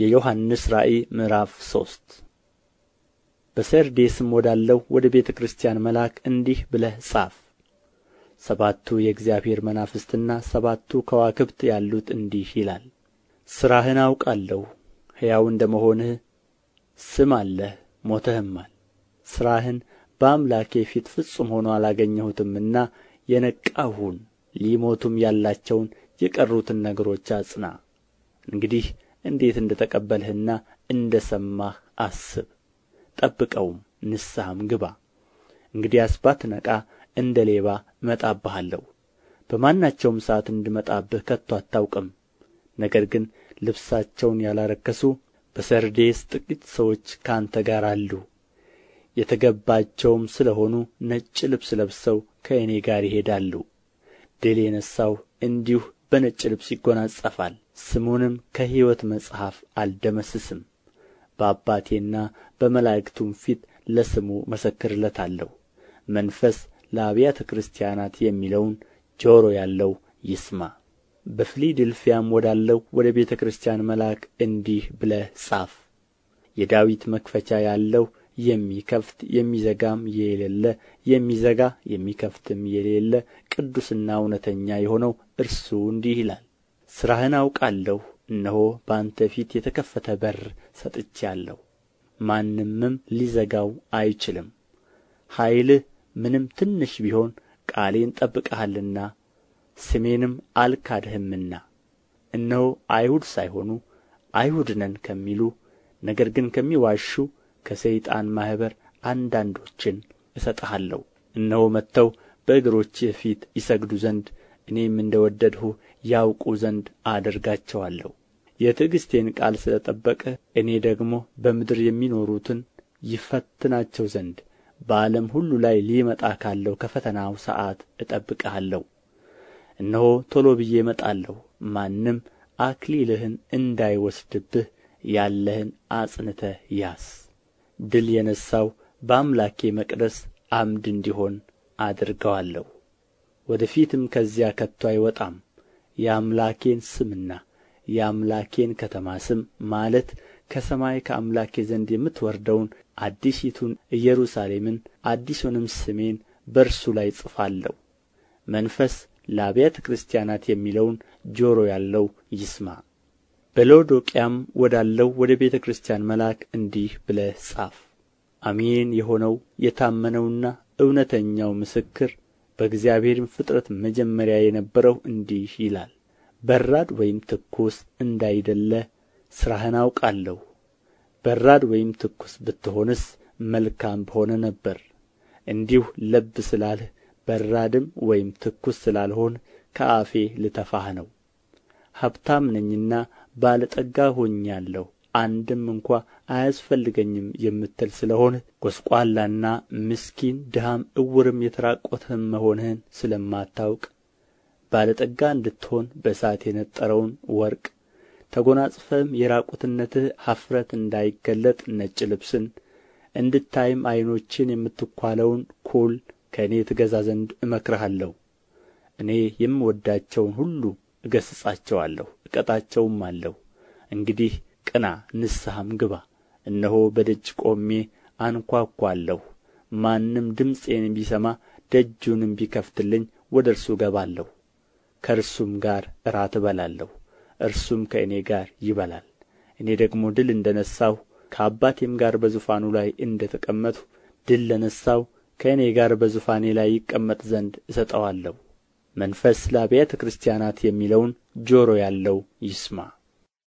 የዮሐንስ ራእይ ምዕራፍ ሶስት በሰርዴስም ወዳለው ወደ ቤተ ክርስቲያን መልአክ እንዲህ ብለህ ጻፍ ሰባቱ የእግዚአብሔር መናፍስትና ሰባቱ ከዋክብት ያሉት እንዲህ ይላል ሥራህን አውቃለሁ ሕያው እንደ መሆንህ ስም አለህ ሞተህማል ሥራህን በአምላኬ ፊት ፍጹም ሆኖ አላገኘሁትምና የነቃሁን ሊሞቱም ያላቸውን የቀሩትን ነገሮች አጽና እንግዲህ እንዴት እንደ ተቀበልህና እንደ ሰማህ አስብ ጠብቀውም ንስሐም ግባ እንግዲያስ ባትነቃ እንደ ሌባ እመጣብሃለሁ በማናቸውም ሰዓት እንድመጣብህ ከቶ አታውቅም ነገር ግን ልብሳቸውን ያላረከሱ በሰርዴስ ጥቂት ሰዎች ከአንተ ጋር አሉ የተገባቸውም ስለ ሆኑ ነጭ ልብስ ለብሰው ከእኔ ጋር ይሄዳሉ ድል የነሣው እንዲሁ በነጭ ልብስ ይጎናጸፋል ስሙንም ከሕይወት መጽሐፍ አልደመስስም በአባቴና በመላእክቱም ፊት ለስሙ መሰክርለታለሁ። መንፈስ ለአብያተ ክርስቲያናት የሚለውን ጆሮ ያለው ይስማ በፊላዴልፊያም ወዳለው ወደ ቤተ ክርስቲያን መልአክ እንዲህ ብለህ ጻፍ የዳዊት መክፈቻ ያለው የሚከፍት የሚዘጋም የሌለ የሚዘጋ የሚከፍትም የሌለ ቅዱስና እውነተኛ የሆነው እርሱ እንዲህ ይላል ሥራህን አውቃለሁ እነሆ በአንተ ፊት የተከፈተ በር ሰጥቼአለሁ ማንምም ሊዘጋው አይችልም ኃይልህ ምንም ትንሽ ቢሆን ቃሌን ጠብቀሃልና ስሜንም አልካድህምና እነሆ አይሁድ ሳይሆኑ አይሁድ ነን ከሚሉ ነገር ግን ከሚዋሹ ከሰይጣን ማኅበር አንዳንዶችን እሰጥሃለሁ እነሆ መጥተው በእግሮችህ ፊት ይሰግዱ ዘንድ እኔም እንደ ወደድሁ ያውቁ ዘንድ አደርጋቸዋለሁ የትዕግሥቴን ቃል ስለ ጠበቅህ እኔ ደግሞ በምድር የሚኖሩትን ይፈትናቸው ዘንድ በዓለም ሁሉ ላይ ሊመጣ ካለው ከፈተናው ሰዓት እጠብቅሃለሁ እነሆ ቶሎ ብዬ እመጣለሁ ማንም አክሊልህን እንዳይወስድብህ ያለህን አጽንተ ያስ ድል የነሣው በአምላኬ መቅደስ አምድ እንዲሆን አድርገዋለሁ። ወደ ፊትም ከዚያ ከቶ አይወጣም የአምላኬን ስምና የአምላኬን ከተማ ስም ማለት ከሰማይ ከአምላኬ ዘንድ የምትወርደውን አዲሲቱን ኢየሩሳሌምን አዲሱንም ስሜን በእርሱ ላይ ጽፋለሁ። መንፈስ ለአብያተ ክርስቲያናት የሚለውን ጆሮ ያለው ይስማ በሎዶቅያም ወዳለው ወደ ቤተ ክርስቲያን መልአክ እንዲህ ብለህ ጻፍ አሜን የሆነው የታመነውና እውነተኛው ምስክር በእግዚአብሔርም ፍጥረት መጀመሪያ የነበረው እንዲህ ይላል በራድ ወይም ትኩስ እንዳይደለ ሥራህን አውቃለሁ በራድ ወይም ትኩስ ብትሆንስ መልካም በሆነ ነበር እንዲሁ ለብ ስላልህ በራድም ወይም ትኩስ ስላልሆን ከአፌ ልተፋህ ነው ሀብታም ነኝና ባለጠጋ ሆኛለሁ፣ አንድም እንኳ አያስፈልገኝም የምትል ስለ ሆንህ ጐስቋላና ምስኪን ድሃም ዕውርም የተራቆትህም መሆንህን ስለማታውቅ ባለጠጋ እንድትሆን በእሳት የነጠረውን ወርቅ ተጐናጽፈህም የራቁትነትህ ሐፍረት እንዳይገለጥ ነጭ ልብስን እንድታይም ዐይኖችን የምትኳለውን ኩል ከእኔ ትገዛ ዘንድ እመክርሃለሁ። እኔ የምወዳቸውን ሁሉ እገሥጻቸዋለሁ አለሁ። እንግዲህ ቅና ንስሐም ግባ እነሆ በደጅ ቆሜ አንኳኳለሁ ማንም ድምፄን ቢሰማ ደጁንም ቢከፍትልኝ ወደ እርሱ እገባለሁ ከእርሱም ጋር እራት እበላለሁ እርሱም ከእኔ ጋር ይበላል እኔ ደግሞ ድል እንደ ነሣሁ ከአባቴም ጋር በዙፋኑ ላይ እንደ ተቀመጥሁ ድል ለነሣው ከእኔ ጋር በዙፋኔ ላይ ይቀመጥ ዘንድ እሰጠዋለሁ መንፈስ ለአብያተ ክርስቲያናት የሚለውን ጆሮ ያለው ይስማ